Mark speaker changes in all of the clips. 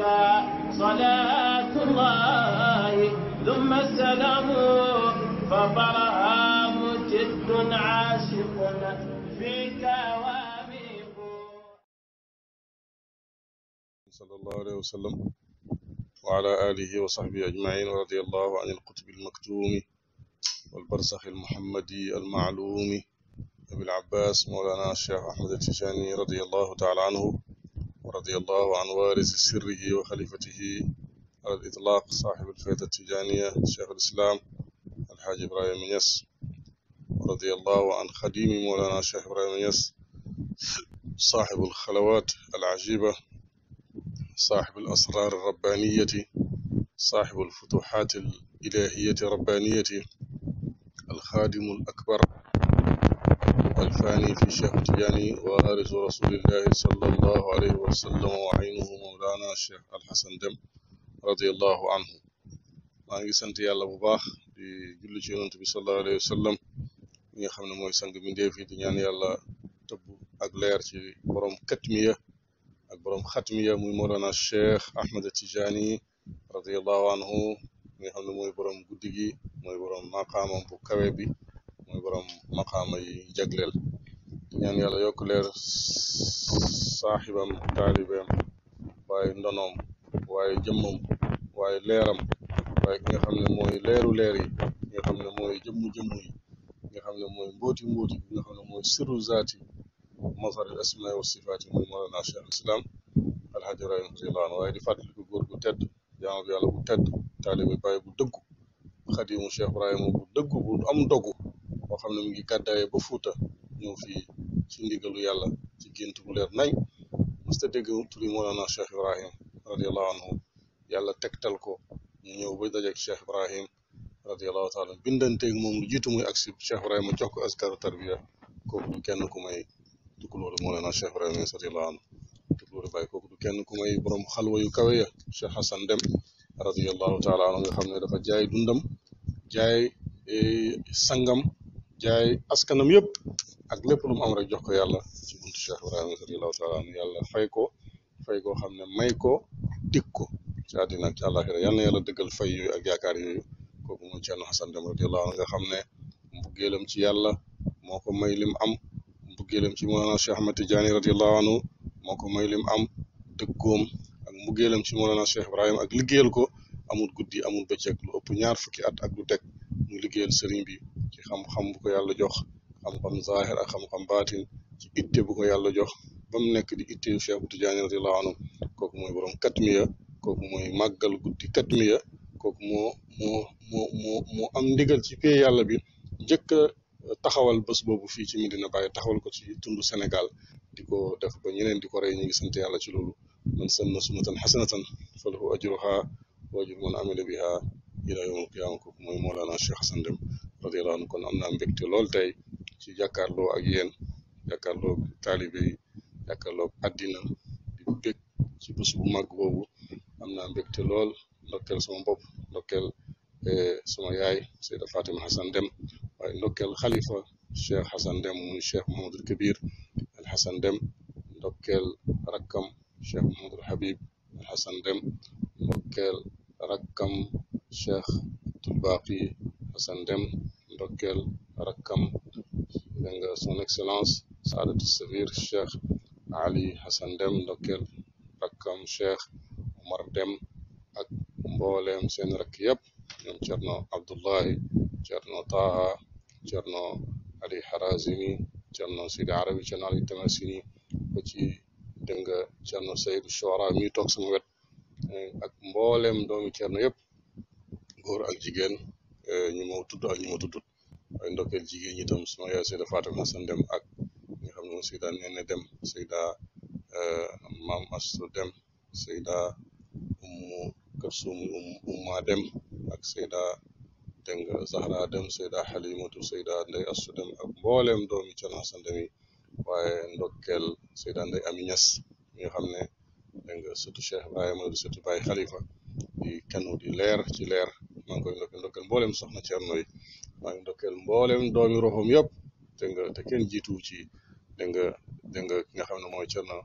Speaker 1: عليك صلاة الله ثم السلام فطرها مجد عاشق فيك واميق صلى الله عليه وسلم وعلى آله وصحبه أجمعين ورضي الله عن القطب المكتوم والبرزخ المحمدي المعلوم أبي العباس مولانا الشيخ أحمد التجاني رضي الله تعالى عنه radiyallahu an waarisi sirrihi wa xalifatihi ala al itlaq saaxib alfayda tijaniya cheikh alislaam alxaaji ibrahima Niass radiyallahu an xadimi moolana cheikh ibrahima Niass saaxib alxalawaat alajiba saaxib alasraar alrabbaniyati saaxib alfutuxaat alilahiyati rabbaniyati alxaadimu alakbar alfaani fi cheikh tijaani wa arisu rasulillahi sallallahu alayhi wa sallam wa aynuhu mawlaana cheikh dem radiallahu anhu maa ngi sant yàlla bu baax di julli ci yonent bi sallallahu alayhi wa sallam mi nga xam ne mooy sang mi ndeefi di ñaan yàlla tëbb ak leer ci borom katmiya ak borom xatmiya muy mawlaana cheikh ahmed tijaani radiallahu anhu mi nga xam ne mooy borom guddi gi mooy borom bu kawe muy borom maqaama yi jagleel ñaan yàlla yokk leer saaxibam taalibeem waaye ndonoom waaye jëmmam waaye leeram waaye ki nga xam ne mooy leeru leer yi nga xam ne mooy jëmmu jëmm yi ki xam ne mooy mbóoti mbóoti ki nga xam ne mooy siru zaati masari asmaa wa sifaati muy Mawlana Cheikh al Islam Alhaji Ibrahima Tidiane di fàttaliku góor gu tedd jaamu bi yàlla bu tedd taalibe bàyyi bu dëggu xadimu am dogu xam ne mu ngi gàddaawee ba fuuta ñëw fii ci ndigalu yàlla ci gént gu leer nañ musta dégg turi moolana cheikh ibrahim mu ñëw ibrahim radiallahu taala bindanteeg moom lu jiitu aksi cheikh ibrahima jox ko tarbiya kooku du kenn ku may tukulóoru moolana cheikh ibrahima radiallahu anhu tukulóoru bàyyi kooku du kenn ku may borom xalwa yu kawe ya dem radiallahu taala anhu nga xam ne dafa jaay dundam jaay eh, sangam jaay askanam yëpp ak lépp lu am rek jox ko yàlla ci buntu Cheikh Ibrahima yàlla fay ko fay koo xam ne may ko dig ko ci àddina ak ci àllaaxira yal na yàlla dëggal fay yooyu ak yaakaar yooyu kooku mu Ceerno Xasan Dem radiyallahu anhu nga xam ne mbuggeelam ci yàlla moo ko may lim am mbuggeelam ci Mawlana Cheikh Ahmad Tijaani radiyallahu anhu moo ko may lim am dëggoom ak mbuggeelam ci Mawlana Cheikh Ibrahima ak liggéeyal ko amul guddi amul bëccëg lu ëpp ñaar fukki at ak lu teg mu liggéeyal sëriñ bi xam-xam bu ko yàlla jox xam-xam zaahir ak xam-xam baatin ci itte bu ko yàlla jox ba nekk di itte Cheikh bu Tijaani radiyallahu anhu kooku mooy borom katmiya kooku mooy màggal guddi katmiya kooku moo moo moo moo moo am ndigal ci pee yàlla bi njëkk a taxawal bés boobu fii ci na Baye taxawal ko ci tund Sénégal di ko def ba ñeneen di ko rey ñu ngi sant yàlla ci loolu man sanna sunnatan hasanatan falahu ajruha wa ajru man amila biha ila yawm al qiyama kooku mooy Mawlana Cheikh Hasan Deme radiyallahu anhu kon am naa mbégte lool tey ci jàkkaarloo ak yéen jàkkaarloo taalibe yi jàkkaarloo addina di bég ci bés bu mag boobu am naa mbégte lool ndokkeel sama bopp ndokkeel eh, sama yaay Seyda Fatima Hassan Deme waaye ndokkeel xalifa Cheikh Hassan Deme muy Cheikh Mouhamadul Kabir al Hassan al Hassan Deme ndokkeel rakkam Cheikh Abdoul sanndem ndokkeel rakkam danga son excellence saadati ali hasan dem ndokkeel rakkam cheikh omar dem ak mbooleem seen rakk yépp ñoom cerno abdullahi taha cerno ali harazimi cerno sidi arabi cerno ali tamasini ba ci dënga cerno saydu shora mi toog sama wet ak mbooleem doomi cerno yépp góor ak jigéen ñu ma tudd ak ñu ma tuddut waaye ndokkeel jigéen ñi tam suma yaay Seyda Fatima Hassan Deme ak nga xam ne moom Seyda Néné Deme Seyda eh, Maam Astu Deme Seyda Ummu Kalsum Umma Deme ak Seyda dégg nga Zahra Deme Seyda Halimatu Seyda Ndey Astu Deme ak mbooleem doomi Cerno Hassan Deme yi waaye ndokkeel Seyda Ndey Ami Ñas xam ne dégg nga surtout Cheikh Ibrahima di surtout leer ci leer maa ngi koy ndokkeel soxna Thierno yi maa ngi ndokkeel mbooleem doomi roxam yëpp te nga te kenn jiitu ci dégg nga dégg nga ki nga xam ne mooy Thierno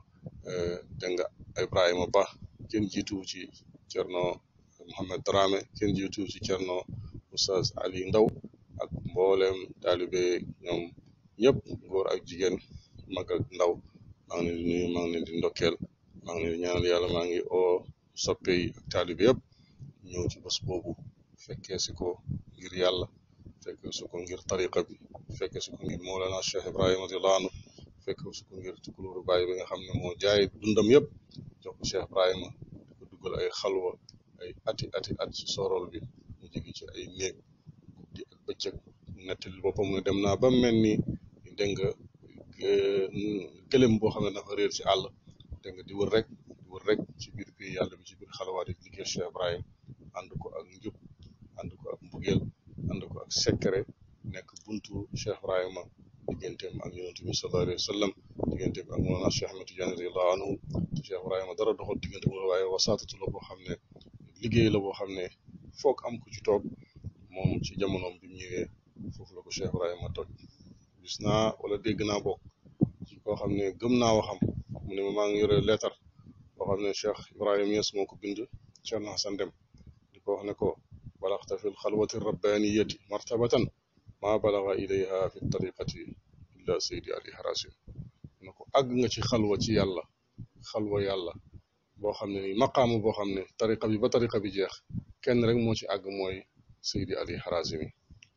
Speaker 1: eh, dégg nga Ibrahima Ba kenn jiitu ci Thierno Mohamed Dramé kenn jiitu ci Thierno Oustaz Ali Ndaw ak mbooleem taalibe ñoom ñëpp góor ak jigéen mag ak ndaw maa ngi leen di nuyu maa ngi leen di ndokkeel maa ngi leen di ñaanal yàlla maa ngi oo soppe yi ak taalibe yëpp ñëw ci bés boobu fekkee si ko ngir yàlla fekkee si ko ngir tariqa bi fekke si ko ngir Mawlana Cheikh Ibrahima radiyallahu anhu fekkee si ko ngir tukulóoru bàyyi bi nga xam ne moo jaay dundam yépp jox ko Cheikh Ibrahima dugal ay xalwa ay ati ati at si sorol bi mu jigi ci ay néeg guddi ak bëccëg nettil boppam ne dem naa ba mel ni dégg nga gëlëm boo xam ne dafa réer si àll dégg nga di rek di rek ci biir pays yàlla bi ci biir xalawaat yi liggéey Cheikh Ibrahima ànd ko ak njub ànd ko ak mbugeel nekk buntu Cheikh Ibrahima digganteem ak yonent bi sallallahu alayhi wa sallam digganteem ak Mawlana Cheikh Ahmed Tidiane radiyallahu anhu dara doxul diggante mu waaye la boo xam ne liggéey la boo xam ne foog am ku ci toog moom ci jamonoom bi mu ñëwee foofu la ko Cheikh Ibrahima toj gis naa wala dégg naa ko xam ne gëm naa waxam mu ne maa ngi yore leetar boo xam ne Cheikh Ibrahima Niass moo ko bind Cheikh Hassan Dème di ko بلغت في الخلوة الربانية مرتبة ما بلغ إليها في الطريقة إلا سيدي علي حراسي ne ko àgg nga ci xalwa ci yàlla xalwa yàlla boo xam ne ni maqaamu boo xam ne tariqa bi ba tariqa bi jeex kenn rek moo ci àgg mooy Seydi Ali Harazimi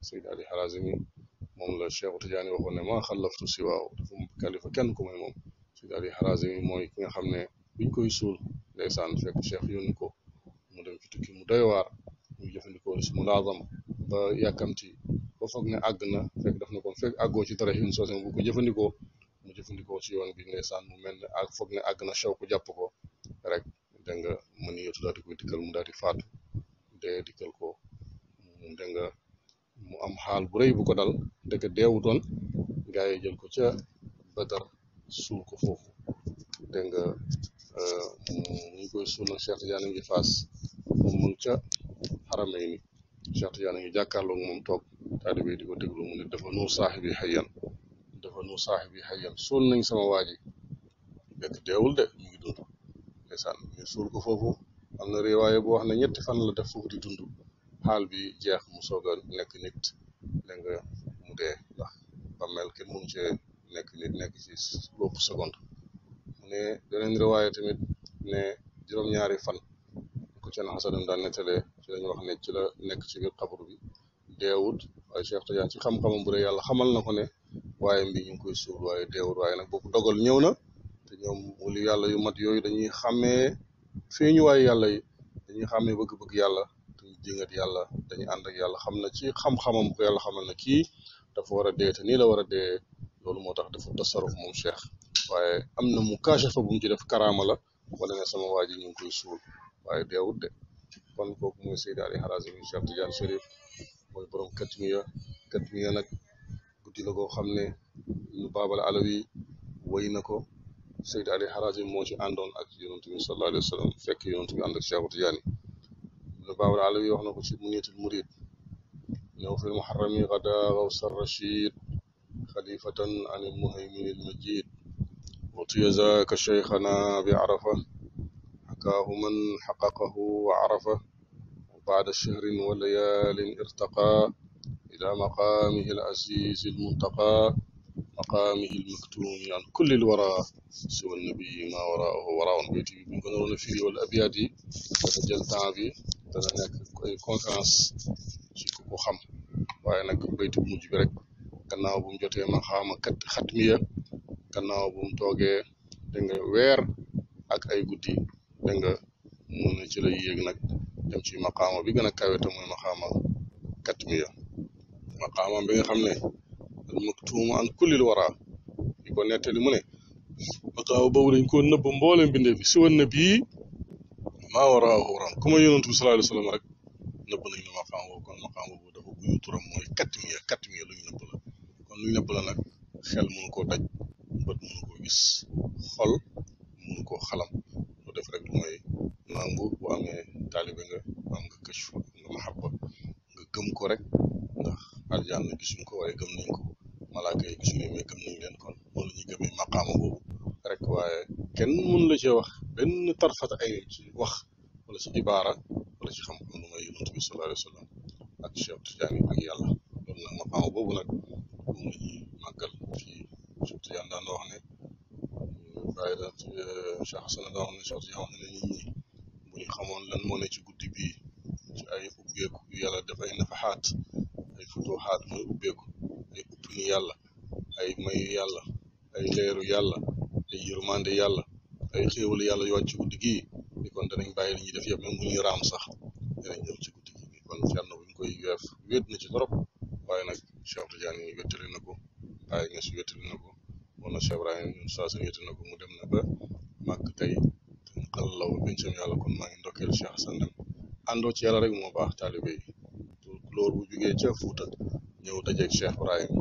Speaker 1: Seydi Ali Harazimi moom la Cheikhu Tijaani waxoon ne maa xalaftu si waaw kenn ku may moom Seydi Ali Harazimi mooy ki nga xam ne biñ koy suul ndeysaan fekk Cheikh yónni ko mu jëfandikoo mulaazama ba yàkkamti ba foog ne àgg na fekk na kon fekk àggoo ci dara une chose bu ko jëfandikoo mu jëfandikoo si yoon bi ndeysaan mu mel ne ak foog ne àgg na shaw ko jàpp ko rek dégg nga mën yëtu daal di mu daal di faatu dee ko mu dégg mu am xaal bu rëy ko dal dëkk deewutoon gaa yi jël ko ca Badar suko ko foofu dégg nga ñu euh, koy suul nag Cheikh Tidiane ngi mu mën ca xarala yi ni Cheikh Tidiane ñu jàkkaarloog moom toog taalibe di ko déglu mu ne dafa nu saaxibi xëyyan dafa nu bi xëyyan suul nañ sama waa ji fekk de mu ngi dund ndeysaan ñu suul ko foofu am na riwaaye bu wax ne ñetti fan la def foofu di dund xaal bi jeex mu soog a nekk nit dégg nga mu dee ndax bàmmeel kenn mënu nekk nit nekk ci lopp seconde ne beneen riwaaye tamit ne juróom-ñaari fan seen xasanam daan nettalee ci lañu wax ne ci la nekk ci biir xabru bi deewut waaye Cheikh ci xam-xamam bu dee yàlla xamal na ko ne waaye mbi ñu ngi koy suul waaye deewut waaye nag boobu dogal ñëw na te ñoom yàlla yu mat yooyu dañuy xàmmee feeñu waaye yàlla yi dañuy xàmmee bëgg-bëgg yàlla dañu yàlla dañu ànd ak yàlla xam na ci xam-xamam bu ko yàlla xamal na kii dafa war a dee te nii la war a dee loolu moo tax dafa tasaruf moom Cheikh waaye am na mu kaachafa bu mu ci def karaama la wala ne sama waa ji ñu ngi koy suul waaye deewut de kon kooku mooy Seydi Harazim Cheikh Tidiane borom katmiya katmiya nag guddi la xam ne nu baabal alawi woy na ko Seydi Ali Harazim moo ci àndoon ak yonent bi nu baabal alawi wax na ko ci muniyatul murid ñëw fi muharrami gada gawsa rashid xalifatan an almuhaymin almajid watiya zaka cheikhana bi arafa حكاه من حققه وعرفه وبعد شهر وليال ارتقى إلى مقامه العزيز المنتقى مقامه المكتوم عن كل الورى سوى النبي ما وراءه وراء بيت bi mu gënoon a firi wala abiyat bi dana nekk ay conférence ci ku ko xam waaye nag bayt bu mujj bi rek gannaaw bu mu jotee ma xaama kat xatmiya gannaaw bu mu toogee da weer ak ay guddi dégg nga noonu ci la yéeg nag dem ci maqaama bi gën a kawe te mooy maqaama katmiya maqaama bi nga xam ne al maktuumu an kullil wara di ko mu ne maqaama boobu dañ koo nëbb mboole mbindee bi si wan na bii ma yonantu bi sallallahu alayhi wa sallam rek nëbb nañ la maqaama boobu kon maqaama boobu dafa buyu turam mooy katmiya katmiya lu la kon lu ñu nëbb la nag xel mënu koo daj bët mënu koo gis xol mënu koo xalam def rek mooy nangu bo amee taalibe nga am nga kës nga mahabba nga gëm ko rek ndax aljanna gisuñ ko waaye gëm nañ ko malaaka yi gisuñu mais gëm nañ leen kon moom la ñuy gëmee maqaama boobu rek waaye kenn mun la ci wax benn tarfat ay ci wax wala ci ibaara wala ci xam-xam lu may yonent bi sallallahu alayhi wa sallam ak Cheikh Tidiane ak yàlla loolu boobu nag moom la ñuy màggal fii Cheikh Tidiane daan wax ne gars yi euh, daal Cheikh Assane daa wax ne Cheikh Tidiane wax na ne nit ñi ñu xamoon lan moo ne ci guddi gi ci ay ubbeeku yàlla dafay nafaxaat ay futuxaat mooy ubbeeku ay uppini yàlla ay mayu yàlla ay leeru yàlla ay yërmande yàlla ay xéewalu yàlla yo wàcc ci guddi gi ni kon danañ bàyyi li ñuy def yëpp même bu raam sax danañ dem ci guddi gii ni kon fenn bu ñu koy weef wéet na ci trop waaye nag Cheikh Tidiane yi wettali na ko bàyyi nga si wettali na ko moo na Cheikh Ibrahim saa su yéete na mu dem na ba màgg tey xel law ba pencam yàlla kon maa ngi ndokkeel Cheikh Assane Deme àndoo ci yàlla rek moo baax taalibe yi loolu bu jugee ca Fuuta ñëw dajeeg Cheikh Ibrahim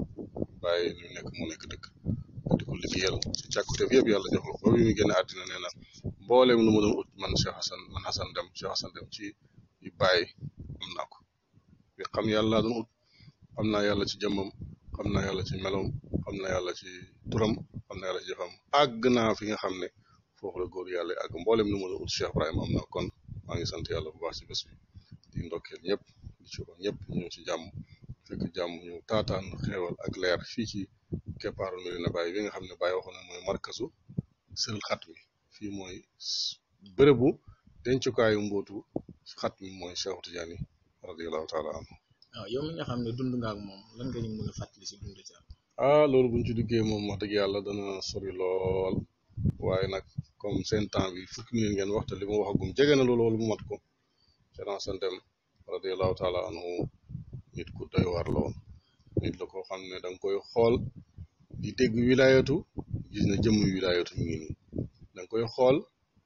Speaker 1: bàyyi lu nekk mu nekk dëkk di ko liggéeyal ci càkkute bi yëpp yàlla jox la ba bi muy génn àddina nee na mbooleem nu ut man Cheikh Assane man Assane Deme Cheikh Assane Deme ci bàyyi am naa ko yàlla ut xam naa yàlla ci jëmmam xam naa yàlla ci meloom xam naa yàlla ci turam am na rajo jëfam àgg naa fi nga xam ne foofu la góor yàlla àgg mboole lu ma la ut Cheikh Ibrahima am na kon maa ngi sant yàlla bu baax ci bés bi di ndokkeel ñëpp di ci woo ñëpp ñu ci jàmm fekk jàmm ñu ak leer fii ci keppaaru Medina Baye bi nga xam ne Baye waxoon na mooy markasu sëril xat mi fii mooy bërëbu dencukaayu mbootu xat mi mooy Cheikh Tidiane radiyallahu taala anhu nga xam ne dund nga ak moom lan nga ñu mën a fàttali si dund ci a ah, loolu buñ ci duggee moom wax dëgg yàlla dana sori lool waaye nag comme seen temps bi fukki minute ngeen waxta li mu waxagum jege na loolu mat ko Seydina Santem radiallahu taala anhu nit ku doy war la woon nit la koo xam ne da koy xool di dégg wilaayatu gis ne jëmm wilaayatu mi ngi nii da koy xool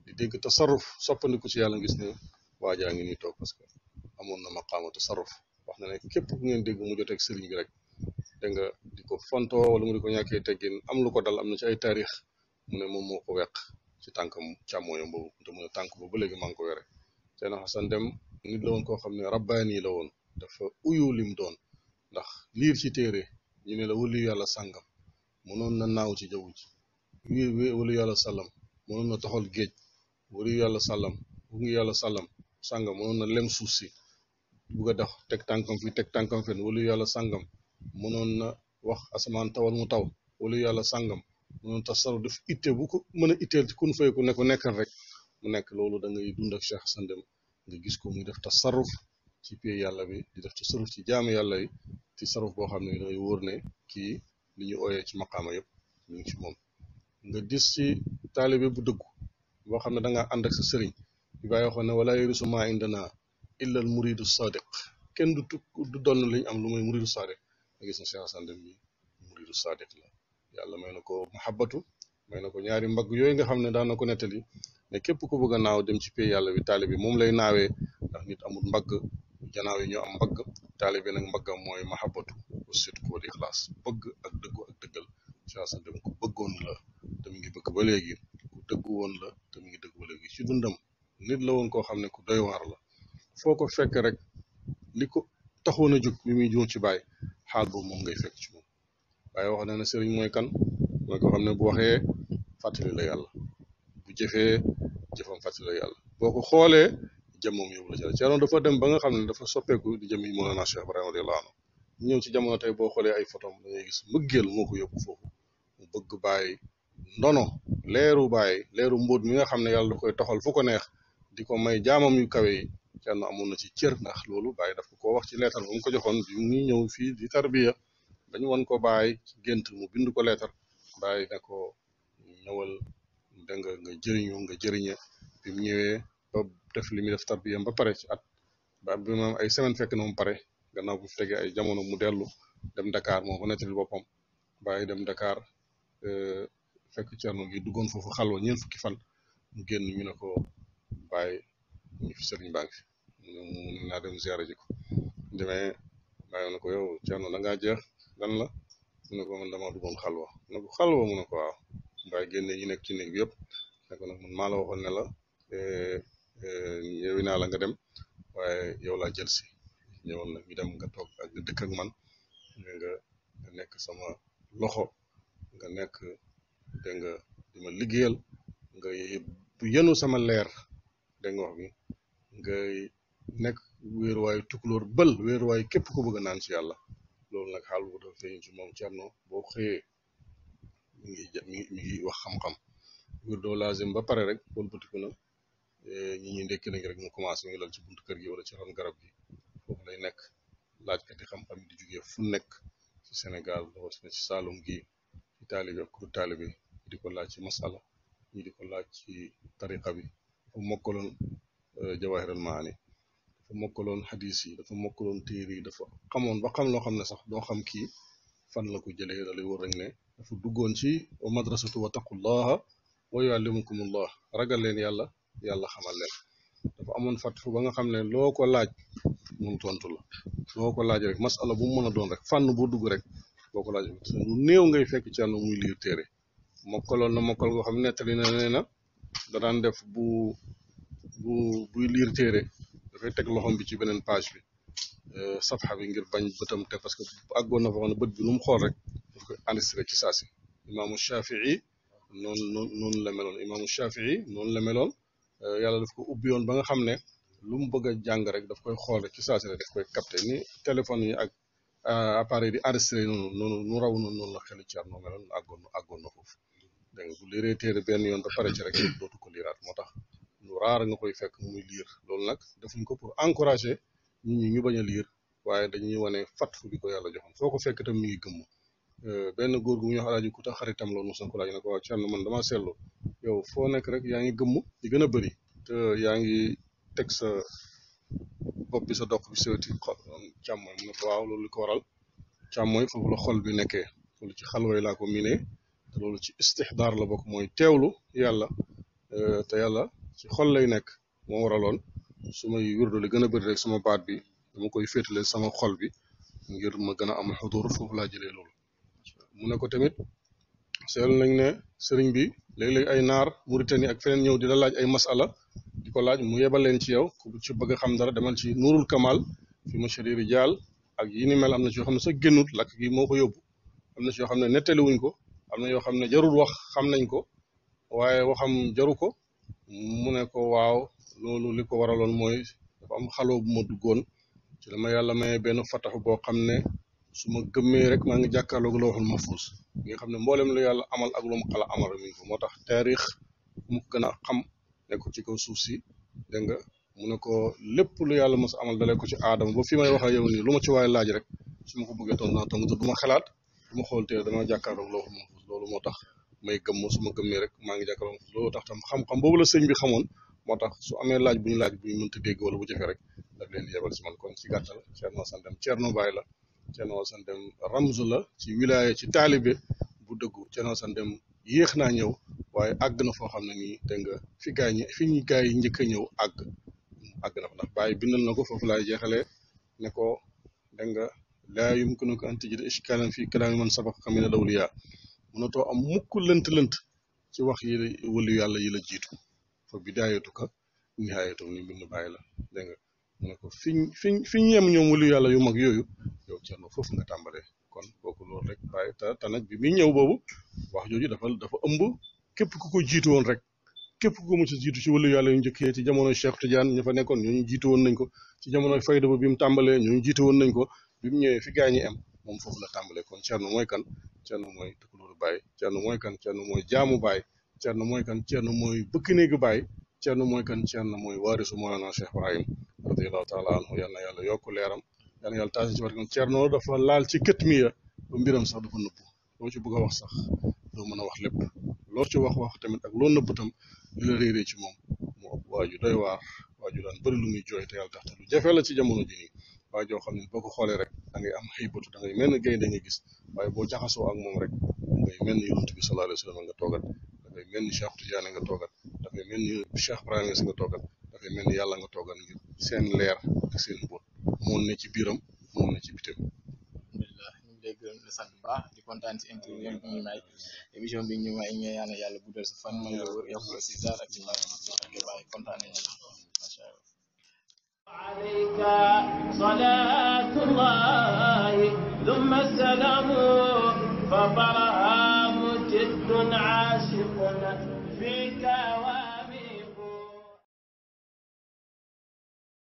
Speaker 1: di dégg tasarruf soppandiku si yàlla gis ne waajaa ngi nii toog parce que amoon na maqaama tasarruf wax na ne képp ku ngeen dégg mu joteeg sëriñ bi rek dégg nga di ko fontoo wala mu di ko ñàkkee teggin am lu ko dal am na ci ay taarix mu ne moom moo ko weq ci tànkam càmmooyam boobu te mu ne tànk boobu léegi maa ngi ko yore Seydina Xasan Dem nit la woon koo xam ne rabbaani la woon dafa uyu lim doon ndax liir ci téere ñu ne la wëliyu yàlla sàngam mënoon na naaw ci jaww ji wëliyu yàlla sàllam mënoon na géej yàlla sàllam yàlla sàllam sàngam mënoon na lem suuf si buga a dox teg tànkam fi teg tànkam fen wëliyu yàlla sangam mënoon na wax asamaan tawal mu taw wala yàlla sàngam mënoon tasaruf def itte bu ko mën a itteel ci kun fay ku ko nekkal rek mu nekk loolu dangay ngay dund ak Cheikh nga gis ko muy def tasaruf ci pie yàlla bi di def tasaruf ci jaamu yàlla yi ci saruf boo xam ne da wóor ne kii li ñu ooyee ci maqaama yëpp ñu ngi ci moom nga gis ci taalibe bu dëggu boo xam ne da ngaa ànd ak sa sëriñ bi bàyyi waxoon ne wala yurisu ma indana illa al muridu sadiq kenn du tukk du donn li am lu mooy muridu sadiq nga gis ne Cheikh Assane la yàlla may na ko muhabbatu may na ko ñaari mbag yooyu nga xam ne daal na ko nettali ne képp ku bëgg naaw dem ci pay yàlla bi taalibe moom lay naawee ndax nit amul mbag janaaw yi ñu am mbagg taalibe nag mbaggam mooy mahabbatu surtout wal ixlaas bëgg ak dëggu ak dëggal Cheikh la te ba léegi te mi ngi dëgg ba dundam nit la woon koo xam ne ku doy waar la foo ko fekk rek li ko taxoon na jug bi muy juum ci bàyyi xaal boobu moom ngay fekk ci moom waaye wax na ne sëriñ mooy kan mooy ko xam ne bu waxee fàttali la yàlla bu jëfee jëfam fàttali la yàlla boo ko xoolee jëmmam yóbbu la ci Ceerno dafa dem ba nga xam ne dafa soppeeku di jëm yi Mawlana Cheikh Ibrahima radiyallahu anhu ñëw jamono tey boo xoolee ay photom da ngay gis mbëggeel moo ko yóbbu foofu mu bëgg bàyyi ndono leeru bàyyi leeru mbóot mi nga xam ne yàlla da koy toxal fu ko neex di ko may jaamam yu kawe kenn amoon na ci cër ndax loolu bàyyi daf ko koo wax ci leetar ba mu ko joxoon bi muy ñëw fii di tarbiya dañu won ko bàyyi gént mu bind ko leetar bàyyi ne ko ñëwal nga nga jëriñu nga jëriñe def li muy def tarbiyam ba pare ci at ba bi maam ay semaine fekk na mu pare gannaaw bu fi tegee ay jamono mu dellu dem Dakar moom ko nettali boppam bàyyi dem Dakar euh, fekk Cerno gi duggoon foofu xalwa ñeent fukki fan mu génn ñu ne ko bàyyi ñu fi sëriñ baa ngi fi mun naa dem ziara ji ko demee bàyyi na ko yow Thierno da ngaa jeex lan la mu ne ko man dama duggoon xalwa mu ne ko xalwa mu ne ko waaw nekk ci néeg bi yëpp ne ko nag man maa la waxoon eh, eh, la nga dem waaye yow laa jël si ñëwoon dem nga toog ak nga dëkk man nga nekk sama loxo nga nekk dégg nga di ma liggéeyal nga yenu sama leer dégg nga wax bi nekk wéeruwaayu tukulóor bël wéeruwaayu képp ko bëgg naan ci yàlla loolu nag xaal bu dafa feeñ ci moom Cerno boo xëyee mi ngi mi ngi wax xam-xam wird doo laazim ba pare rek wëlbatiku na eh, ñi ñuy ndekki nañ rek mu commencé mi ngi lal ci buntu kër gi wala ci ron garab gi foofu lay nekk laajkati xam-xam di jugee fu nekk ci Sénégal rawatina ci Saalum gi ci taalibi ak kuru taalibi di ko laaj ci masala ñi di ko laaj ci tariqa bi dafa mokkaloon eh, jawaahiral maani dafa mokkaloon xadis yi dafa mokkaloon téere yi dafa xamoon ba xam loo xam ne sax doo xam kii fan la ko jëlee da lay wóor rek ne dafa duggoon ci wa madrasatu wa taqullaha wa yuallimukumullah ragal leen yàlla yàlla xamal leen dafa amoon fatfu ba nga xam ne loo ko laaj mun tontu la loo ko laaj rek masala bu mu mën a doon rek fànn bu dugg rek boo ko laaj lu néew ngay fekk ci àll muy liir téere mokkaloon na mokkal goo xam ne nettali na na da def bu bu buy liir téere dafay teg loxom bi ci beneen page bi euh, xa bi ngir bañ bëtam parce que àggoon na fa xam ne bët bi nu mu xool rek daf koy enregistré ci saasi imaamu shafii noonu noonu noonu la meloon imaamu shafii noonu la meloon euh, yàlla daf ba nga xam ne lu mu bëgg a jàng rek daf koy xool rek ci saasi rek daf koy capté ni téléphone yi ak euh, appareil di enregistré noonu noonu nu raw noonu noonu la xelu Ceerno meloon àggoon àggoon na foofu dégg nga bu liiree téere yoon ba pare ci rek dootu ko moo tax lu raar nga koy fekk muy liir loolu nag defuñ ko pour encourager nit ñi ñu bañ a liir waaye dañuy wane fatfu bi ko yàlla joxoon foo ko fekk tam mu ngi gëmm euh, benn góor gu mu ñu wax alaaji ku tax xaritam loolu mos man damaa seetlu yow foo nekk rek yaa ngi gëmm gën a bëri yaa ngi teg sa bopp bi sa doq bi sewti xol li ko waral càmmooy foofu la xol bi nekkee loolu ci xalway laa ko miinee te loolu ci istixdaar la bokk mooy teewlu yàlla euh, te yàlla ci xol lay nekk moo waraloon su may wirdu li gën a bëri rek sama baat bi dama koy féetale sama xol bi ngir ma gën a am xudur foofu laa jëlee lool mu ne ko tamit seetlu nañ ne sëriñ bi léeg-léeg ay naar Mauritanie ak feneen ñëw dina laaj ay masala di ko laaj mu yebal leen ci yow ku ci bëgg a xam dara demal ci nuurul kamal fi ma chériri jaal ak yi ni mel am na ci yoo xam ne sax génnut lakk gi moo ko yóbbu am na ci yoo xam ne nettali wuñ ko am na yoo xam ne jarul wax xam nañ ko waaye waxam jaru ko mu ne ko waaw loolu li ko waraloon mooy dafa am xaloo bu ma duggoon ci la ma yàlla mayee benn fatax boo xam ne su ma gëmmee rek maa ngi jàkkaarloog lawhul mahfuus bi nga xam ne mboolem lu yàlla amal ak lu mu xala amal mi ngi fa moo tax taarix mu gën a xam ne ko ci kaw suuf si dégg nga mu ne ko lépp lu yàlla mos amal dalee ko ci aadama bo fi may wax ak yow nii lu ma ci waaye laaj rek su ma ko bëggee toon naa tong te du ma xalaat du ma xool te dama jàkkaarloog lawhul mahfuus moo tax may gëm ma su ma gëmee rek maa ngi jàkkaarloo loolu tax tam xam-xam boobu la sëñ bi xamoon moo tax su amee laaj bu ñu laaj bu ñu mënta dégg wala bu jafe rek daf leen di yebal si man kon ci gàttal Thierno Sandem Thierno Baye la Thierno Sandem ramzu la ci wilaya ci taalibe bu dëggu Thierno Sandem yéex naa ñëw waaye àgg na foo xam ne nii dégg nga fi gaa ñi fi ñu yi njëkk a ñëw àgg àgg na fa ndax Baye bindal na ko foofu laay jeexale ne ko dégg nga laa yumkinuka an tajida ishkaalan fii kalaami man sabaqaka mina mënatoo am mukk lënt-lënt ci wax yi wëlu yàlla yi la jiitu fa bidaayatu ka nihaayatu ni bind bàyyi la dégg nga mu ne ko fiñ fiñ ñoom wëlu yàlla yu mag yooyu yow cerno foofu nga tàmbalee kon kooku loolu rek bàyyi ta nag bi muy ñëw boobu wax jooju dafa dafa ëmb képp ku ko jiitu woon rek képp ku ko mos a jiitu ci wëlu yàlla yu njëkkee ci jamono Cheikh Tidiane ñu fa nekkoon ñooñu jiitu woon nañ ko ci jamono fayda ba bi mu tàmbalee ñooñu jiitu woon nañ ko bi mu ñëwee fi gaañi am moom foofu la tàmbalee kon cerno mooy kan cerno mooy tukulóoru baay cerno mooy kan cerno mooy jaamu baay cerno mooy kan cerno mooy bëkk néegu baay cerno mooy kan cerno mooy waarisu Mawlana Cheikh Ibrahim radiallahu taala anhu yal na yàlla yokk leeram yal na yàlla taas ci barkam cerno dafa laal ci kët mi ya ba mbiram sax dafa nëbbu loo ci bëgg a wax sax doo mën a wax lépp loo ci wax wax tamit ak loo nëbbu tam li la réeree ci moom mu ëpp waaju doy waar waaju daan bëri lu muy jooy te yàlla tax te ji waaye joo xam ne boo ko xoolee rek da ngay am xëy bëtu da ngay mel ne gaynde nga gis waaye boo jaxasoo ak moom rek da ngay mel ni bi sallallahu alayhi wa nga toogal da ngay mel ni Cheikh Tidiane nga da ngay mel ni Cheikh Ibrahima nga toogal da ngay mel yàlla nga toogal seen leer ak seen bët moom ne ci biiram moom ne ci bitam lay gërëm la sant bu baax di kontaan si interview ñu may émission bi ñu sa si عليك صلاة الله ثم السلام فطرها مجد عاشق